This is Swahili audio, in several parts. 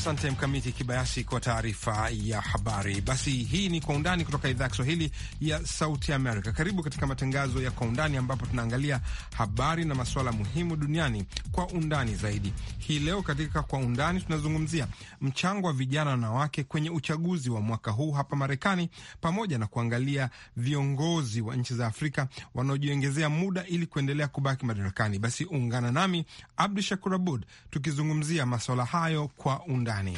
Asante Mkamiti Kibayasi kwa taarifa ya habari. Basi hii ni Kwa Undani kutoka idhaa ya Kiswahili ya Sauti Amerika. Karibu katika matangazo ya Kwa Undani ambapo tunaangalia habari na masuala muhimu duniani kwa undani zaidi. Hii leo katika Kwa Undani tunazungumzia mchango wa vijana wanawake kwenye uchaguzi wa mwaka huu hapa Marekani, pamoja na kuangalia viongozi wa nchi za Afrika wanaojiongezea muda ili kuendelea kubaki madarakani. Basi ungana nami Abdu Shakur Abud tukizungumzia masuala hayo kwa undani. gani?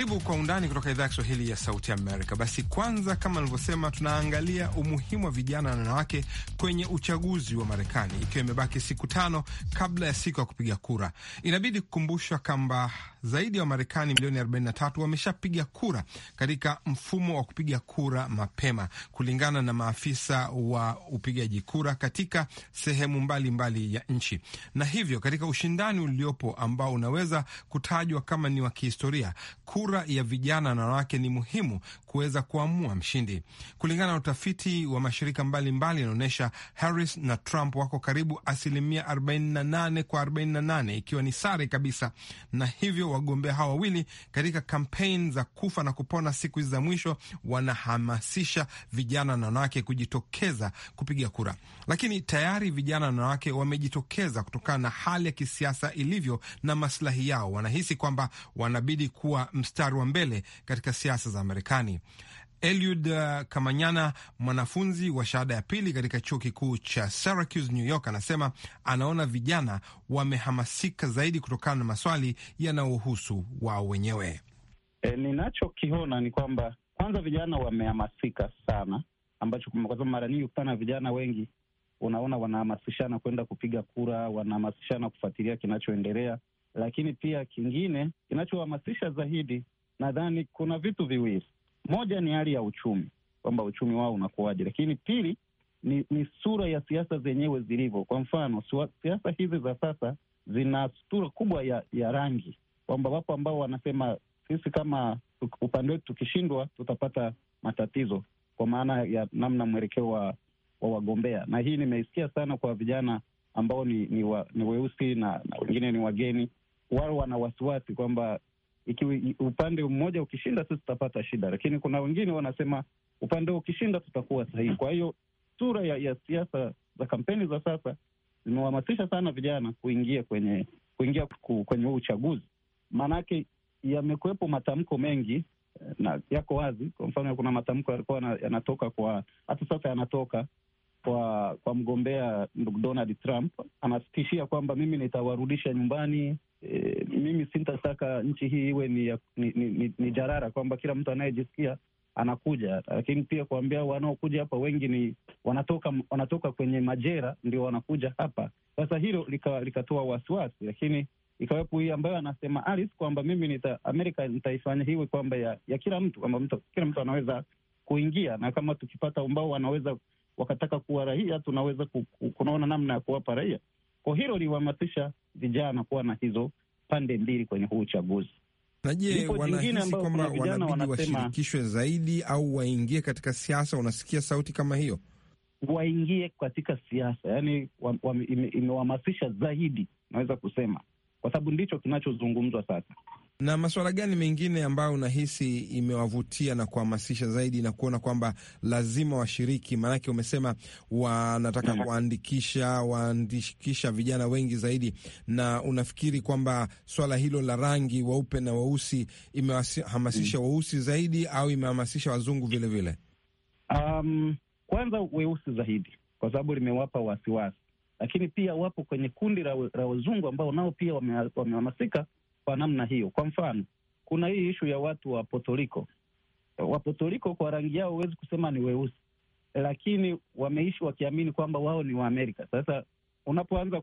Karibu kwa undani kutoka idhaa ya Kiswahili ya Sauti Amerika. Basi kwanza, kama nilivyosema, tunaangalia umuhimu wa vijana na wanawake kwenye uchaguzi wa Marekani, ikiwa imebaki siku tano kabla ya siku ya kupiga kura. Inabidi kukumbushwa kwamba zaidi ya wa Wamarekani milioni 43 wameshapiga kura katika mfumo wa kupiga kura mapema, kulingana na maafisa wa upigaji kura katika sehemu mbalimbali mbali ya nchi. Na hivyo katika ushindani uliopo ambao unaweza kutajwa kama ni wa kihistoria, kura ya vijana na wanawake ni muhimu kuweza kuamua mshindi. Kulingana na utafiti wa mashirika mbalimbali yanaonyesha mbali, Harris na Trump wako karibu asilimia 48 kwa 48, ikiwa ni sare kabisa, na hivyo wagombea hawa wawili katika kampeni za kufa na kupona siku hizi za mwisho, wanahamasisha vijana na wanawake kujitokeza kupiga kura, lakini tayari vijana na wanawake wamejitokeza kutokana na hali ya kisiasa ilivyo na maslahi yao. Wanahisi kwamba wanabidi kuwa mstari wa mbele katika siasa za Marekani. Eliud uh, Kamanyana, mwanafunzi wa shahada ya pili katika chuo kikuu cha Syracuse, New York, anasema anaona vijana wamehamasika zaidi kutokana na maswali yanayohusu wao wenyewe. E, ninachokiona ni kwamba kwanza vijana wamehamasika sana, ambacho kwa sababu mara nyingi kutana na vijana wengi, unaona wanahamasishana kwenda kupiga kura, wanahamasishana kufuatilia kinachoendelea. Lakini pia kingine kinachohamasisha zaidi, nadhani kuna vitu viwili moja ni hali ya uchumi, kwamba uchumi wao unakuwaje, lakini pili ni, ni sura ya siasa zenyewe zilivyo. Kwa mfano, siasa hizi za sasa zina sura kubwa ya, ya rangi, kwamba wapo ambao wanasema sisi kama upande wetu tukishindwa tutapata matatizo, kwa maana ya namna mwelekeo wa, wa wagombea. Na hii nimeisikia sana kwa vijana ambao ni, ni, wa, ni weusi na, na wengine ni wageni, wao wana wasiwasi kwamba iki upande mmoja ukishinda, sisi tutapata shida, lakini kuna wengine wanasema upande ukishinda tutakuwa sahihi. Kwa hiyo sura ya, ya siasa za kampeni za sasa zimehamasisha sana vijana kuingia kwenye kuingia kwenye huu uchaguzi, maanake yamekuwepo matamko mengi eh, na yako wazi. Kwa mfano, kuna matamko yalikuwa yanatoka kwa hata sasa yanatoka kwa kwa mgombea ndugu Donald Trump. Anatishia kwamba mimi nitawarudisha nyumbani. E, mimi sintataka nchi hii iwe ni, ni, ni, ni jarara kwamba kila mtu anayejisikia anakuja, lakini pia kuambia wanaokuja hapa wengi ni wanatoka wanatoka kwenye majera ndio wanakuja hapa. Sasa hilo likatoa lika wasiwasi, lakini ikawepo hii ambayo anasema Alice kwamba mimi nita Amerika nitaifanya hiwe kwamba ya, ya kila mtu kwamba mtu, kila mtu anaweza kuingia na kama tukipata ambao wanaweza wakataka kuwa raia, tunaweza kunaona namna ya kuwapa raia. Kwa hilo liwahamasisha vijana kuwa na hizo pande mbili kwenye huu uchaguzi. Na je, wanahisi kwamba wanabidi washirikishwe zaidi au waingie katika siasa? Unasikia sauti kama hiyo, waingie katika siasa, yani imewahamasisha zaidi, naweza kusema, kwa sababu ndicho kinachozungumzwa sasa. Na masuala gani mengine ambayo unahisi imewavutia na kuhamasisha zaidi na kuona kwamba lazima washiriki? Maanake umesema wanataka mhm. kuandikisha waandikisha vijana wengi zaidi, na unafikiri kwamba swala hilo la rangi weupe na weusi imewahamasisha mhm. weusi zaidi au imehamasisha wazungu vilevile vile? Um, kwanza weusi zaidi kwa sababu limewapa wasiwasi, lakini pia wapo kwenye kundi la wazungu ambao nao pia wamehamasika wame kwa namna hiyo. Kwa mfano, kuna hii ishu ya watu wa Potoliko. Wapotoliko kwa rangi yao huwezi kusema ni weusi, lakini wameishi wakiamini kwamba wao ni Waamerika. Sasa unapoanza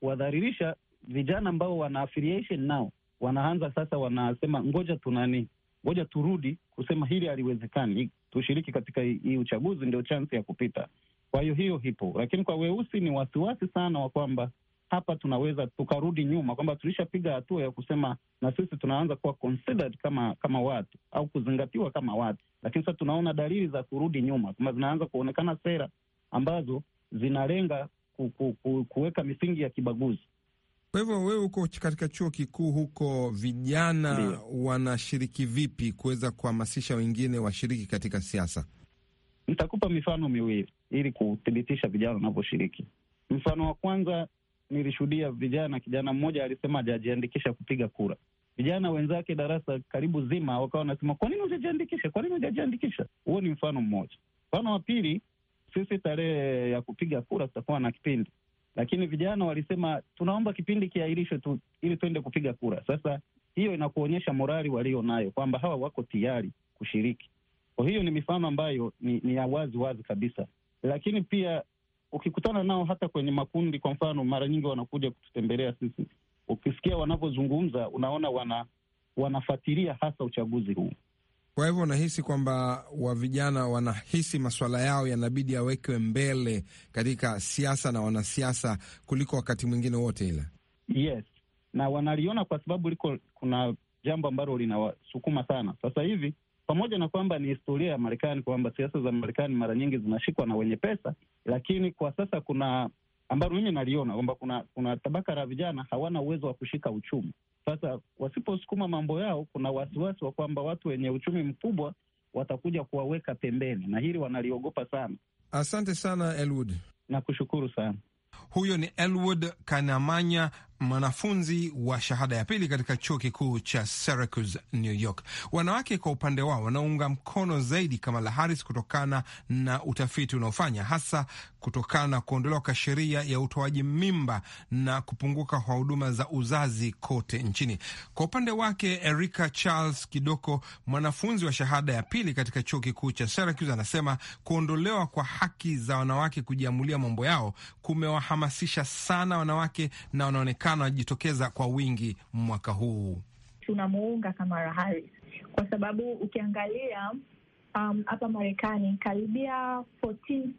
kuwadharirisha kuwa, vijana ambao wana affiliation nao wanaanza sasa, wanasema ngoja tunani, ngoja turudi kusema hili haliwezekani, tushiriki katika hii uchaguzi, ndio chansi ya kupita. Kwa hiyo hiyo hipo, lakini kwa weusi ni wasiwasi sana wa kwamba hapa tunaweza tukarudi nyuma kwamba tulishapiga hatua ya kusema na sisi tunaanza kuwa considered kama kama watu au kuzingatiwa kama watu, lakini sasa tunaona dalili za kurudi nyuma, kwamba zinaanza kuonekana sera ambazo zinalenga ku, ku, ku, kuweka misingi ya kibaguzi. Kwa hivyo wewe uko katika chuo kikuu huko, vijana Ndiyo. wanashiriki vipi kuweza kuhamasisha wengine washiriki katika siasa? Nitakupa mifano miwili ili kuthibitisha vijana wanavyoshiriki. Mfano wa kwanza nilishuhudia vijana, kijana mmoja alisema hajajiandikisha kupiga kura. Vijana wenzake darasa karibu zima wakawa wanasema kwa nini hujajiandikisha, kwa nini hujajiandikisha? Huo ni mfano mmoja. Mfano wa pili, sisi tarehe ya kupiga kura tutakuwa na kipindi, lakini vijana walisema tunaomba kipindi kiairishwe tu ili tuende kupiga kura. Sasa hiyo inakuonyesha morali walio nayo kwamba hawa wako tayari kushiriki. Kwa hiyo ni mifano ambayo ni, ni ya wazi wazi kabisa, lakini pia ukikutana nao hata kwenye makundi, kwa mfano, mara nyingi wanakuja kututembelea sisi, ukisikia wanavyozungumza unaona wana wanafuatilia hasa uchaguzi huu. Kwa hivyo unahisi kwamba wa vijana wanahisi masuala yao yanabidi yawekwe mbele katika siasa na wanasiasa kuliko wakati mwingine wote ile? Yes, na wanaliona kwa sababu liko kuna jambo ambalo linawasukuma sana sasa hivi pamoja na kwamba ni historia ya Marekani kwamba siasa za Marekani mara nyingi zinashikwa na wenye pesa, lakini kwa sasa kuna ambalo mimi naliona kwamba kuna kuna tabaka la vijana hawana uwezo wa kushika uchumi. Sasa wasiposukuma mambo yao, kuna wasiwasi wa kwamba watu wenye uchumi mkubwa watakuja kuwaweka pembeni, na hili wanaliogopa sana. Asante sana Elwood, nakushukuru sana. Huyo ni Elwood Kanamanya mwanafunzi wa shahada ya pili katika chuo kikuu cha Syracuse, New York. Wanawake kwa upande wao wanaunga mkono zaidi Kamala Harris kutokana na utafiti unaofanya hasa kutokana na kuondolewa kwa sheria ya utoaji mimba na kupunguka kwa huduma za uzazi kote nchini. Kwa upande wake, Erika Charles Kidoko, mwanafunzi wa shahada ya pili katika chuo kikuu cha Syracuse, anasema kuondolewa kwa haki za wanawake kujiamulia mambo yao kumewahamasisha sana wanawake na wanaonekana wajitokeza kwa wingi mwaka huu. Tunamuunga Kamala Harris kwa sababu ukiangalia um, hapa um, Marekani karibia 14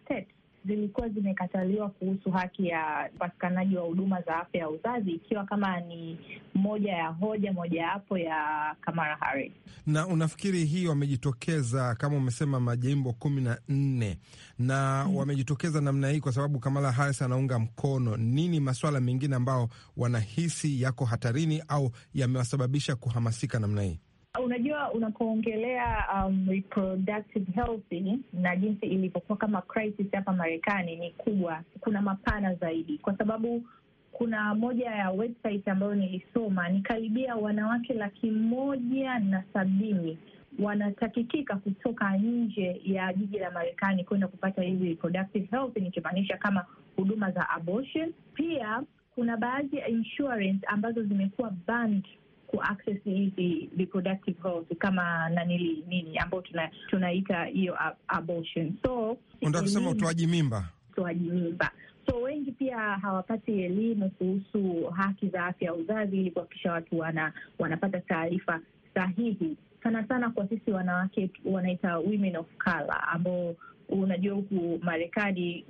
states zilikuwa zimekataliwa kuhusu haki ya upatikanaji wa huduma za afya ya uzazi, ikiwa kama ni moja ya hoja mojawapo ya Kamala Harris. Na unafikiri hii wamejitokeza kama umesema majimbo kumi na nne na hmm, wamejitokeza namna hii kwa sababu Kamala Harris anaunga mkono nini? Maswala mengine ambao wanahisi yako hatarini au yamewasababisha kuhamasika namna hii? Unajua, unapoongelea um, reproductive health na jinsi ilivyokuwa kama crisis hapa Marekani ni kubwa, kuna mapana zaidi, kwa sababu kuna moja ya website ambayo nilisoma nikaribia wanawake laki moja na sabini wanatakikika kutoka nje ya jiji la Marekani kwenda kupata hizi reproductive health, nikimaanisha kama huduma za abortion. Pia kuna baadhi ya insurance ambazo zimekuwa banned kuaccess hizi reproductive health kama nanili nini ambayo tunaita hiyo abortion. So unataka kusema utoaji mimba, utoaji mimba so wengi pia hawapati elimu kuhusu haki za afya ya uzazi, ili kuhakikisha watu wana, wanapata taarifa sahihi, sana sana kwa sisi wanawake wanaita women of color, ambao unajua huku Marekani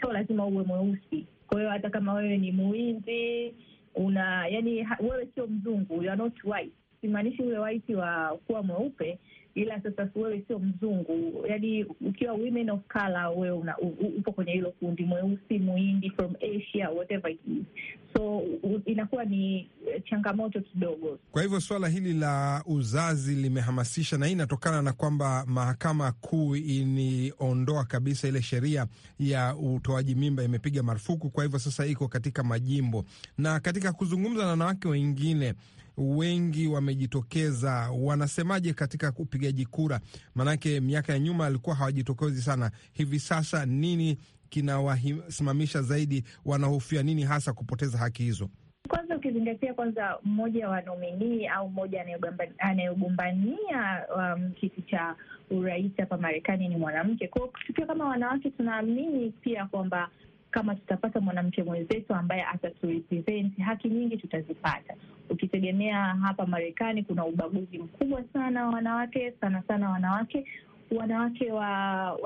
sio lazima uwe mweusi. Kwa hiyo hata kama wewe ni muinzi una yani, wewe sio mzungu, you are not white. Simaanishi ule white wa kuwa mweupe, ila sasa wewe sio mzungu, yani ukiwa women of color wewe una, upo kwenye hilo kundi, mweusi, muindi, from Asia, whatever it is. So inakuwa ni eh, changamoto kidogo. Kwa hivyo swala hili la uzazi limehamasisha, na hii inatokana na kwamba mahakama kuu iniondoa kabisa ile sheria ya utoaji mimba, imepiga marufuku. Kwa hivyo sasa iko katika majimbo na katika kuzungumza na wanawake wengine wengi wamejitokeza, wanasemaje katika upigaji kura? Maanake miaka ya nyuma alikuwa hawajitokezi sana, hivi sasa nini kinawasimamisha zaidi? Wanahofia nini hasa kupoteza haki hizo? Kwanza ukizingatia kwanza mmoja wa nominii au mmoja anayogombania um, kiti cha urais hapa Marekani ni mwanamke. Kwa hiyo tukiwa kama wanawake, tunaamini pia kwamba kama tutapata mwanamke mwenzetu ambaye ataturepresent, haki nyingi tutazipata. Ukitegemea hapa Marekani kuna ubaguzi mkubwa sana wa wanawake, sana sana wanawake wanawake wa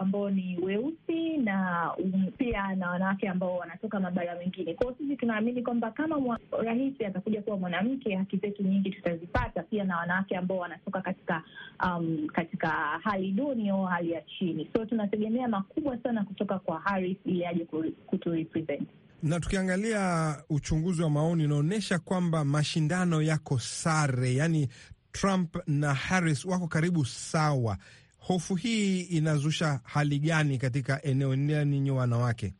ambao ni weusi na um, pia na wanawake ambao wanatoka mabara mengine. Kwao sisi tunaamini kwamba kama rais atakuja kuwa mwanamke, haki zetu nyingi tutazipata, pia na wanawake ambao wanatoka katika um, katika hali duni au hali ya chini. So tunategemea makubwa sana kutoka kwa Harris ili aje kuturepresent na tukiangalia uchunguzi wa maoni unaonyesha kwamba mashindano yako sare, yaani Trump na Harris wako karibu sawa hofu hii inazusha hali gani katika eneo nini wanawake?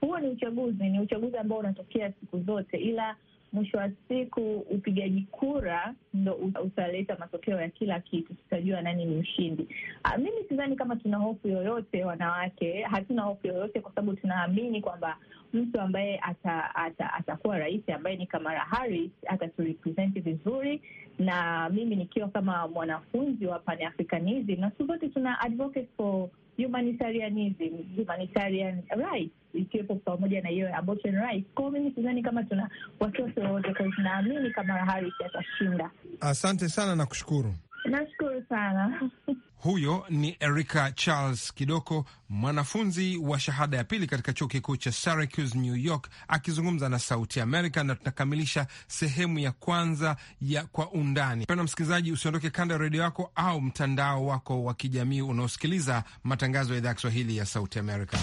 Huo ni uchaguzi, ni uchaguzi ambao unatokea siku zote, ila mwisho wa siku upigaji kura ndo utaleta matokeo ya kila kitu, tutajua nani ni mshindi. Ah, mimi sidhani kama tuna hofu yoyote, wanawake hatuna hofu yoyote, kwa sababu tunaamini kwamba mtu ambaye atakuwa ata, ata rais ambaye ni Kamala Harris ataturepresenti vizuri, na mimi nikiwa kama mwanafunzi wa panafricanism na siku zote tuna advocate for humanitarianism, humanitarian rights ikiwepo pamoja na hiyo abortion right. Kwa mimi sidhani kama tuna wasiwasi wowote, kwa tunaamini kama Harris atashinda. Asante sana na kushukuru. Nashukuru sana. Huyo ni Erika Charles Kidoko, mwanafunzi wa shahada ya pili katika chuo kikuu cha Syracuse, New York, akizungumza na Sauti Amerika. Na tunakamilisha sehemu ya kwanza ya Kwa Undani. Pena msikilizaji, usiondoke kando ya redio yako au mtandao wako wa kijamii unaosikiliza matangazo ya idhaa ya Kiswahili ya Sauti Amerika.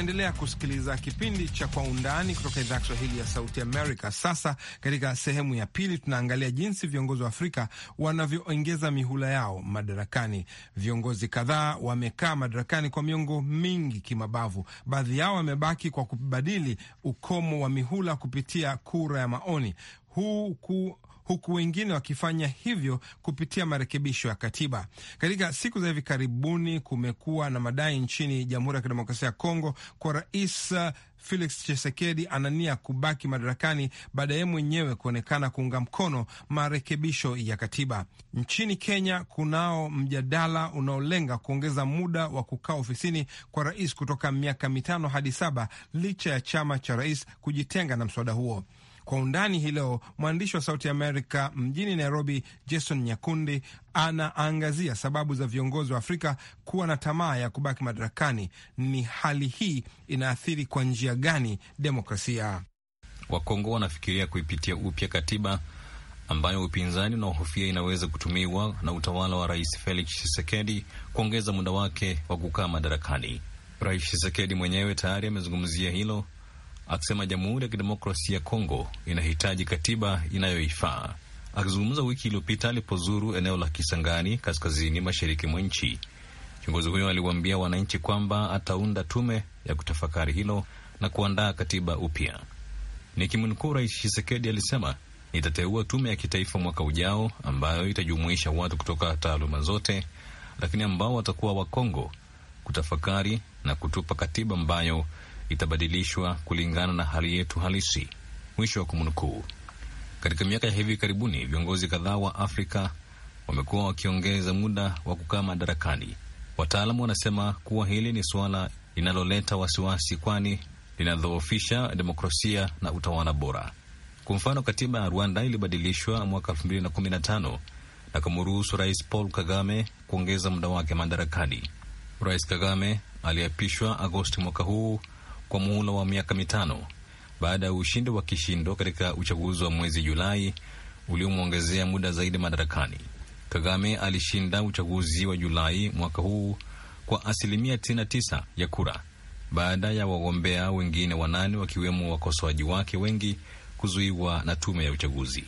Unaendelea kusikiliza kipindi cha Kwa Undani kutoka idhaa ya Kiswahili ya Sauti Amerika. Sasa katika sehemu ya pili, tunaangalia jinsi viongozi wa Afrika wanavyoongeza mihula yao madarakani. Viongozi kadhaa wamekaa madarakani kwa miongo mingi kimabavu. Baadhi yao wamebaki kwa kubadili ukomo wa mihula kupitia kura ya maoni huku huku wengine wakifanya hivyo kupitia marekebisho ya katiba. Katika siku za hivi karibuni, kumekuwa na madai nchini Jamhuri ya Kidemokrasia ya Kongo kwa Rais uh, Felix Tshisekedi anania kubaki madarakani baada ya mwenyewe kuonekana kuunga mkono marekebisho ya katiba. Nchini Kenya kunao mjadala unaolenga kuongeza muda wa kukaa ofisini kwa rais kutoka miaka mitano hadi saba licha ya chama cha rais kujitenga na mswada huo. Kwa undani hii leo, mwandishi wa Sauti Amerika mjini Nairobi, Jason Nyakundi, anaangazia sababu za viongozi wa Afrika kuwa na tamaa ya kubaki madarakani. Ni hali hii inaathiri kwa njia gani demokrasia? Wakongo wanafikiria kuipitia upya katiba ambayo upinzani unaohofia inaweza kutumiwa na utawala wa Rais Felix Tshisekedi kuongeza muda wake wa kukaa madarakani. Rais Tshisekedi mwenyewe tayari amezungumzia hilo akisema Jamhuri ya Kidemokrasia ya Kongo inahitaji katiba inayoifaa. Akizungumza wiki iliyopita alipozuru eneo la Kisangani, kaskazini mashariki mwa nchi, kiongozi huyo aliwaambia wananchi kwamba ataunda tume ya kutafakari hilo na kuandaa katiba upya. Nikimnukuu Rais Tshisekedi alisema, nitateua tume ya kitaifa mwaka ujao ambayo itajumuisha watu kutoka taaluma zote, lakini ambao watakuwa Wakongo kutafakari na kutupa katiba ambayo itabadilishwa kulingana na hali yetu halisi, mwisho wa kumnukuu. Katika miaka ya hivi karibuni, viongozi kadhaa wa Afrika wamekuwa wakiongeza muda wa kukaa madarakani. Wataalamu wanasema kuwa hili ni suala linaloleta wasiwasi, kwani linadhoofisha demokrasia na utawala bora. Kwa mfano, katiba ya Rwanda ilibadilishwa mwaka 2015 na kumruhusu Rais Paul Kagame kuongeza muda wake madarakani. Rais Kagame aliapishwa Agosti mwaka huu kwa muhula wa miaka mitano baada ya ushindi wa kishindo katika uchaguzi wa mwezi Julai uliomwongezea muda zaidi madarakani. Kagame alishinda uchaguzi wa Julai mwaka huu kwa asilimia 99 ya kura baada ya wagombea wengine wanane wakiwemo wakosoaji wake wengi kuzuiwa na tume ya uchaguzi.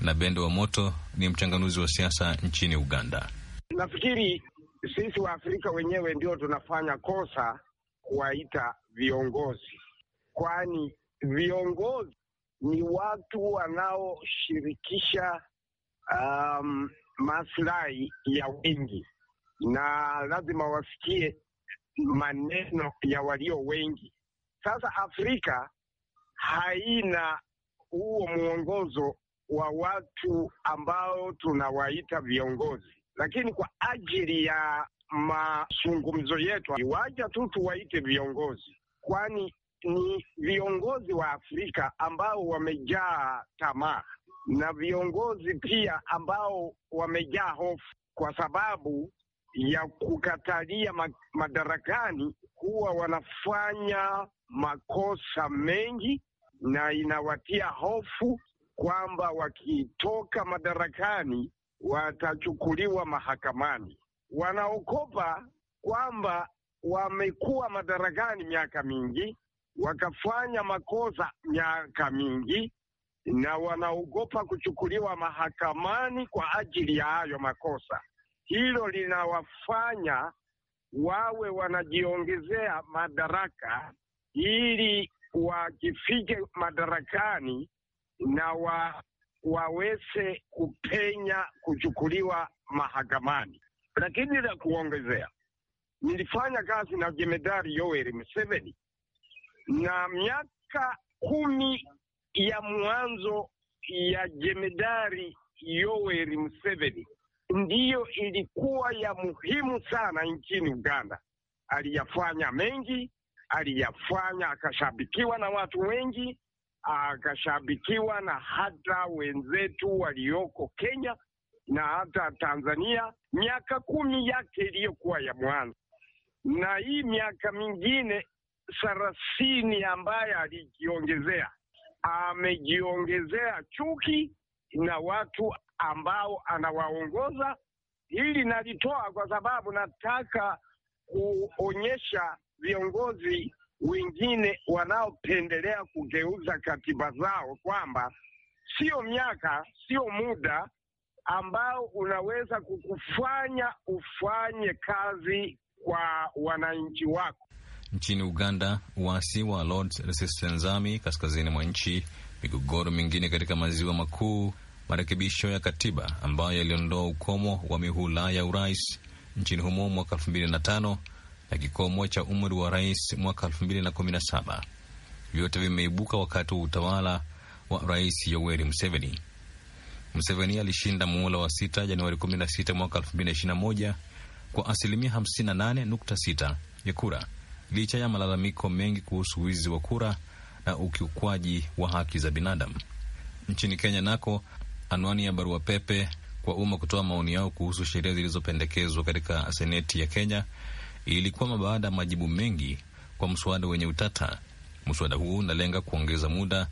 Na Bendo wa Moto ni mchanganuzi wa siasa nchini Uganda. Nafikiri sisi Waafrika wenyewe ndio tunafanya kosa kuwaita viongozi, kwani viongozi ni watu wanaoshirikisha um, maslahi ya wengi na lazima wasikie maneno ya walio wengi. Sasa Afrika haina huo mwongozo wa watu ambao tunawaita viongozi, lakini kwa ajili ya mazungumzo yetu, iwaja tu tuwaite viongozi, kwani ni viongozi wa Afrika ambao wamejaa tamaa na viongozi pia ambao wamejaa hofu kwa sababu ya kukatalia madarakani, huwa wanafanya makosa mengi na inawatia hofu kwamba wakitoka madarakani watachukuliwa mahakamani wanaokopa kwamba wamekuwa madarakani miaka mingi, wakafanya makosa miaka mingi, na wanaogopa kuchukuliwa mahakamani kwa ajili ya hayo makosa. Hilo linawafanya wawe wanajiongezea madaraka ili wakifike madarakani na wa, waweze kupenya kuchukuliwa mahakamani. Lakini la kuongezea, nilifanya kazi na jemedari Yoweri Museveni na miaka kumi ya mwanzo ya jemedari Yoweri Museveni ndiyo ilikuwa ya muhimu sana nchini Uganda. Aliyafanya mengi, aliyafanya akashabikiwa na watu wengi, akashabikiwa na hata wenzetu walioko Kenya na hata Tanzania miaka kumi yake iliyokuwa ya mwanzo, na hii miaka mingine thelathini ambaye alijiongezea, amejiongezea chuki na watu ambao anawaongoza. Hili nalitoa kwa sababu nataka kuonyesha viongozi wengine wanaopendelea kugeuza katiba zao kwamba sio miaka, sio muda ambao unaweza kukufanya ufanye kazi kwa wananchi wako. Nchini Uganda, waasi wa Lords Resistance Army kaskazini mwa nchi, migogoro mingine katika maziwa makuu, marekebisho ya katiba ambayo yaliondoa ukomo wa mihula ya urais nchini humo mwaka elfu mbili na tano na kikomo cha umri wa rais mwaka elfu mbili na kumi na saba vyote vimeibuka wakati wa utawala wa Rais Yoweri Museveni. Museveni alishinda muhula wa sita Januari 16 mwaka 2021 kwa asilimia 58.6 ya kura licha ya malalamiko mengi kuhusu wizi wa kura na ukiukwaji wa haki za binadamu. Nchini Kenya nako, anwani ya barua pepe kwa umma kutoa maoni yao kuhusu sheria zilizopendekezwa katika seneti ya Kenya ilikwama baada ya majibu mengi kwa mswada wenye utata. Mswada huu unalenga kuongeza muda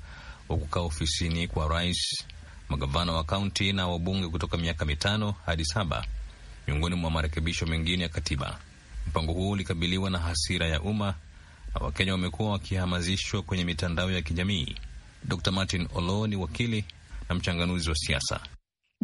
wa kukaa ofisini kwa rais magavana wa kaunti na wabunge kutoka miaka mitano hadi saba, miongoni mwa marekebisho mengine ya katiba. Mpango huu ulikabiliwa na hasira ya umma na Wakenya wamekuwa wakihamasishwa kwenye mitandao ya kijamii. Dr Martin olo ni wakili na mchanganuzi wa siasa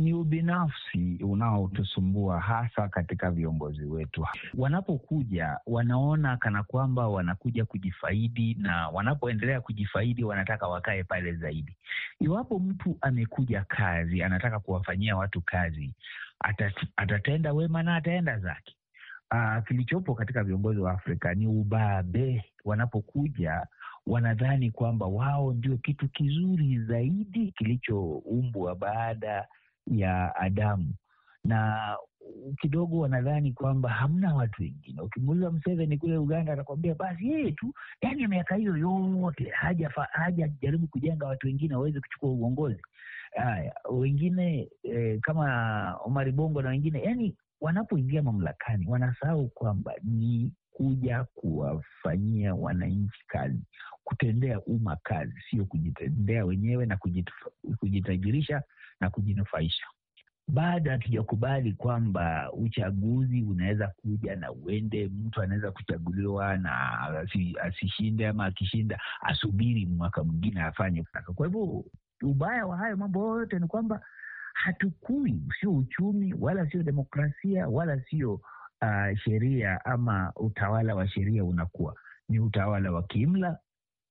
ni ubinafsi unaotusumbua hasa katika viongozi wetu. Wanapokuja wanaona kana kwamba wanakuja kujifaidi, na wanapoendelea kujifaidi wanataka wakae pale zaidi. Iwapo mtu amekuja kazi, anataka kuwafanyia watu kazi, atat, atatenda wema na ataenda zake. Uh, kilichopo katika viongozi wa Afrika ni ubabe. Wanapokuja wanadhani kwamba wao ndio kitu kizuri zaidi kilichoumbwa baada ya Adamu na kidogo wanadhani kwamba hamna watu wengine. Ukimuuliza Mseveni kule Uganda atakwambia basi yeye tu, yani miaka hiyo yote hajajaribu kujenga watu wengine waweze kuchukua uongozi. Haya, wengine e, kama Omari Bongo na wengine, yani wanapoingia mamlakani wanasahau kwamba ni kuja kuwafanyia wananchi kazi kutendea umma kazi, sio kujitendea wenyewe na kujitajirisha na kujinufaisha. Bado hatujakubali kwamba uchaguzi unaweza kuja na uende, mtu anaweza kuchaguliwa na asishinde, ama akishinda asubiri mwaka mwingine afanye. Kwa hivyo ubaya wa hayo mambo yote ni kwamba hatukui, sio uchumi wala sio demokrasia wala sio uh, sheria ama utawala wa sheria unakuwa ni utawala wa kiimla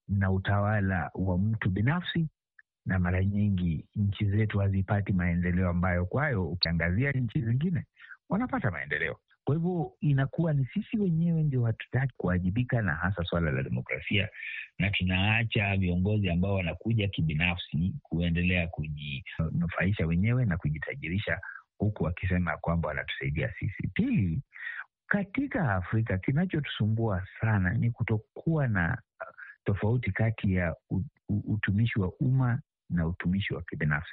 na utawala wa mtu binafsi, na mara nyingi nchi zetu hazipati maendeleo ambayo kwayo ukiangazia nchi zingine wanapata maendeleo. Kwa hivyo inakuwa ni sisi wenyewe ndio hatutaki kuwajibika, na hasa swala la demokrasia, na tunaacha viongozi ambao wanakuja kibinafsi kuendelea kujinufaisha wenyewe na kujitajirisha, huku wakisema kwamba wanatusaidia sisi. Pili, katika Afrika kinachotusumbua sana ni kutokuwa na tofauti kati ya utumishi wa umma na utumishi wa kibinafsi.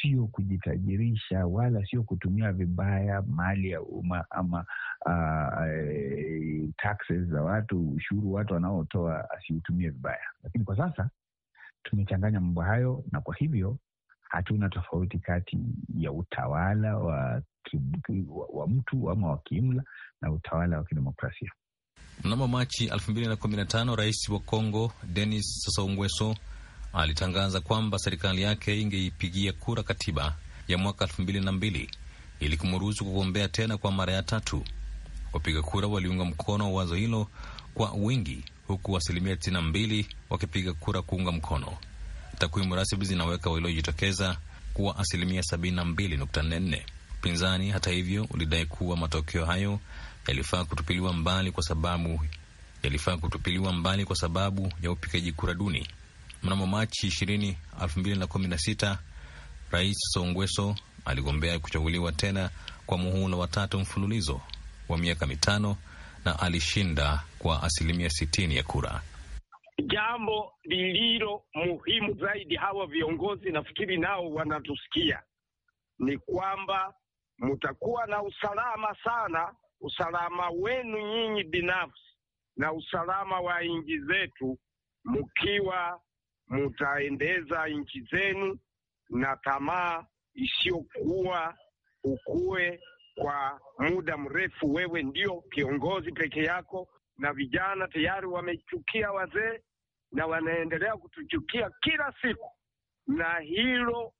Sio kujitajirisha wala sio kutumia vibaya mali ya umma ama uh, taxes za watu, ushuru watu wanaotoa asiutumie vibaya. Lakini kwa sasa tumechanganya mambo hayo, na kwa hivyo hatuna tofauti kati ya utawala wa, wa, wa mtu ama wa kiimla na utawala wa kidemokrasia. Mnamo Machi 2015 rais wa Kongo Denis Sassou Nguesso alitangaza kwamba serikali yake ingeipigia kura katiba ya mwaka 2002 ili kumruhusu kugombea tena kwa mara ya tatu. Wapiga kura waliunga mkono wazo hilo kwa wingi, huku asilimia 92 wakipiga kura kuunga mkono. Takwimu rasmi zinaweka waliojitokeza kuwa asilimia 72.4. Upinzani hata hivyo ulidai kuwa matokeo hayo yalifaa kutupiliwa mbali kwa sababu yalifaa kutupiliwa mbali kwa sababu ya upigaji kura duni. Mnamo Machi 20, 2016 Rais Songweso aligombea kuchaguliwa tena kwa muhula wa tatu mfululizo wa miaka mitano na alishinda kwa asilimia sitini ya kura. Jambo lililo muhimu zaidi, hawa viongozi nafikiri nao wanatusikia, ni kwamba mtakuwa na usalama sana usalama wenu nyinyi binafsi na usalama wa nchi zetu, mkiwa mutaendeza nchi zenu na tamaa isiyokuwa ukue kwa muda mrefu. Wewe ndio kiongozi peke yako, na vijana tayari wamechukia wazee na wanaendelea kutuchukia kila siku, na hilo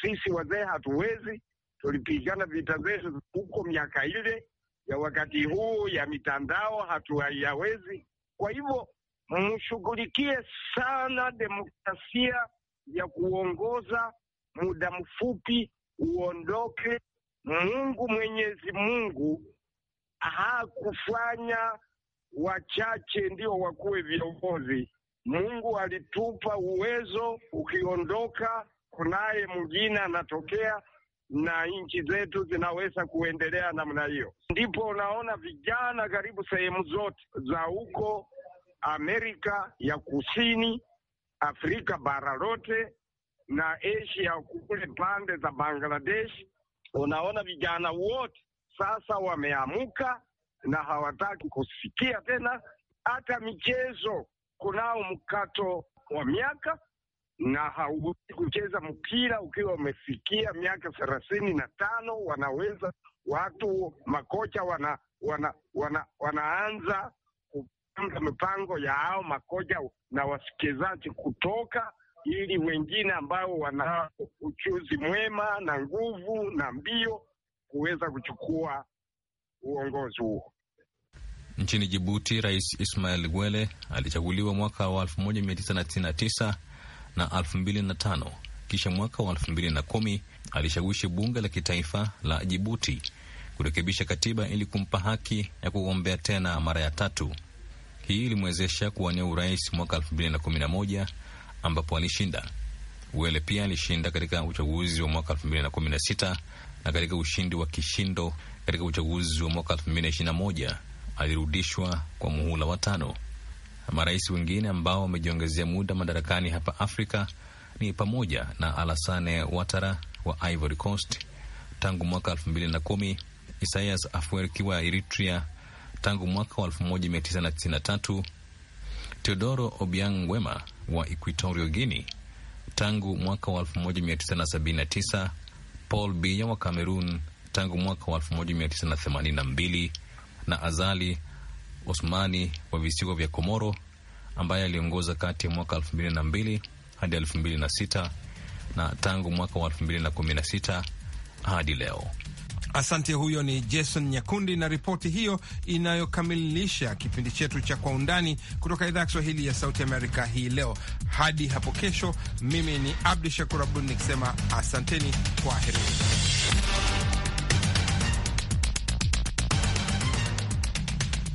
sisi wazee hatuwezi. Tulipigana vita zetu huko miaka ile ya wakati huu ya mitandao hatuyawezi. Kwa hivyo mshughulikie sana demokrasia ya kuongoza muda mfupi uondoke. Mungu Mwenyezi Mungu hakufanya wachache ndio wakuwe viongozi. Mungu alitupa uwezo, ukiondoka kunaye mwingine anatokea na nchi zetu zinaweza kuendelea namna hiyo. Ndipo unaona vijana karibu sehemu zote za huko Amerika ya Kusini, Afrika bara lote na Asia kule pande za Bangladesh, unaona vijana wote sasa wameamuka na hawataki kusikia tena hata michezo. Kunao mkato wa miaka na hauwezi kucheza mpira ukiwa umefikia miaka thelathini na tano. Wanaweza watu makocha wana, wana, wana, wanaanza kupanga mipango ya ao makocha na wasikizaji kutoka ili wengine ambao wana uchuzi mwema na nguvu na mbio kuweza kuchukua uongozi huo. Nchini Jibuti, Rais Ismael Gwele alichaguliwa mwaka wa 1999 na 2005. kisha mwaka wa 2010 alishawishi bunge la kitaifa la Jibuti kurekebisha katiba ili kumpa haki ya kugombea tena mara ya tatu. Hii ilimwezesha kuwania urais mwaka 2011 ambapo alishinda. Wele pia alishinda katika uchaguzi wa mwaka 2016 na katika ushindi wa kishindo katika uchaguzi wa mwaka 2021 alirudishwa kwa muhula wa tano. Marais wengine ambao wamejiongezea muda madarakani hapa Afrika ni pamoja na Alassane Ouattara wa Ivory Coast tangu mwaka 2010, Isaias Afwerki wa Eritrea tangu mwaka wa 1993, Teodoro Obiang Wema wa Equatorio Guinea tangu mwaka wa 1979, Paul Biya wa Cameroon tangu mwaka wa 1982 na Azali Osmani wa visiwa vya Komoro ambaye aliongoza kati ya mwaka 2002 na hadi 2006 na tangu mwaka wa hadi leo. Asante. Huyo ni Jason Nyakundi na ripoti hiyo inayokamilisha kipindi chetu cha Kwa Undani kutoka idhaa ya Kiswahili ya Sauti Amerika hii leo. Hadi hapo kesho, mimi ni Abdu Shakur Abud nikisema asanteni, kwa heri.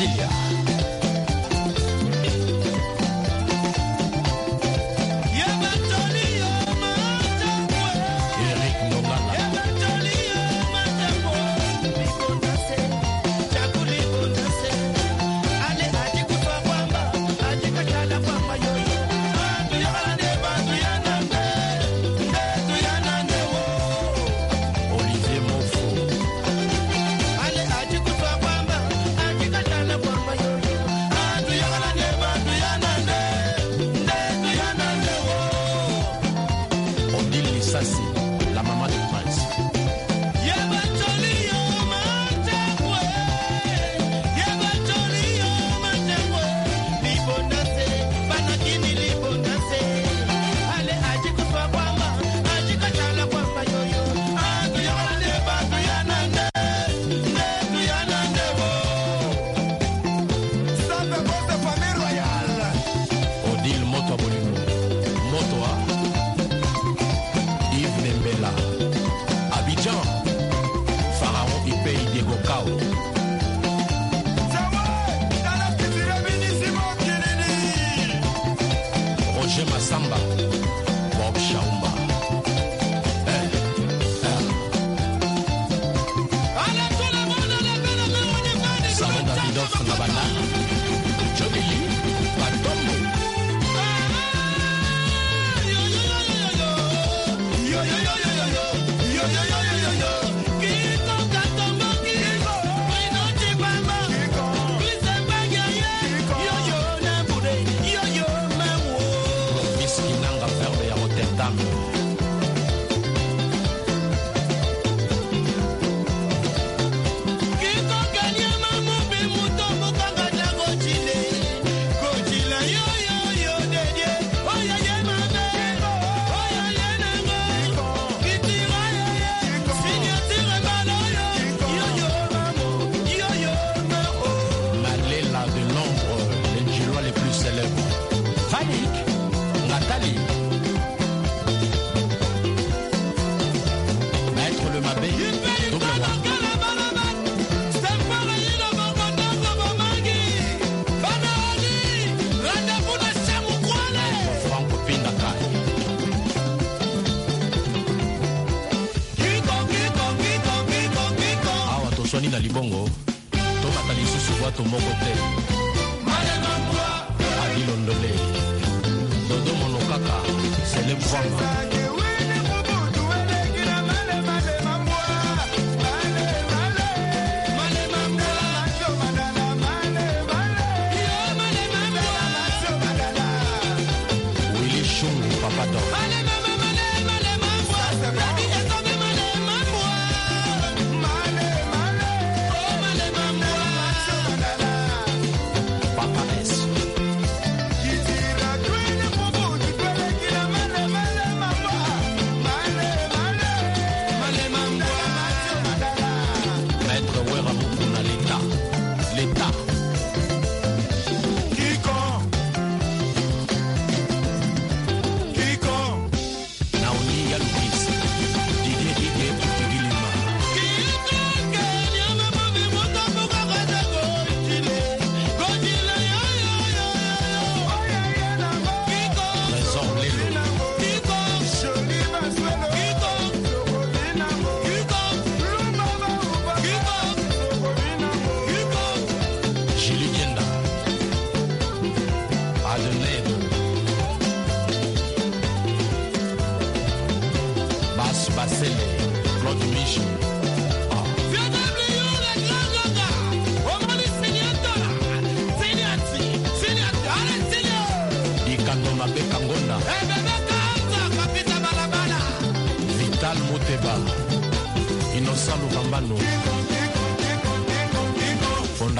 Brasília. totoni na libongo tobata lisusu bwato moko te adilondole dodo monokaka selebvwanga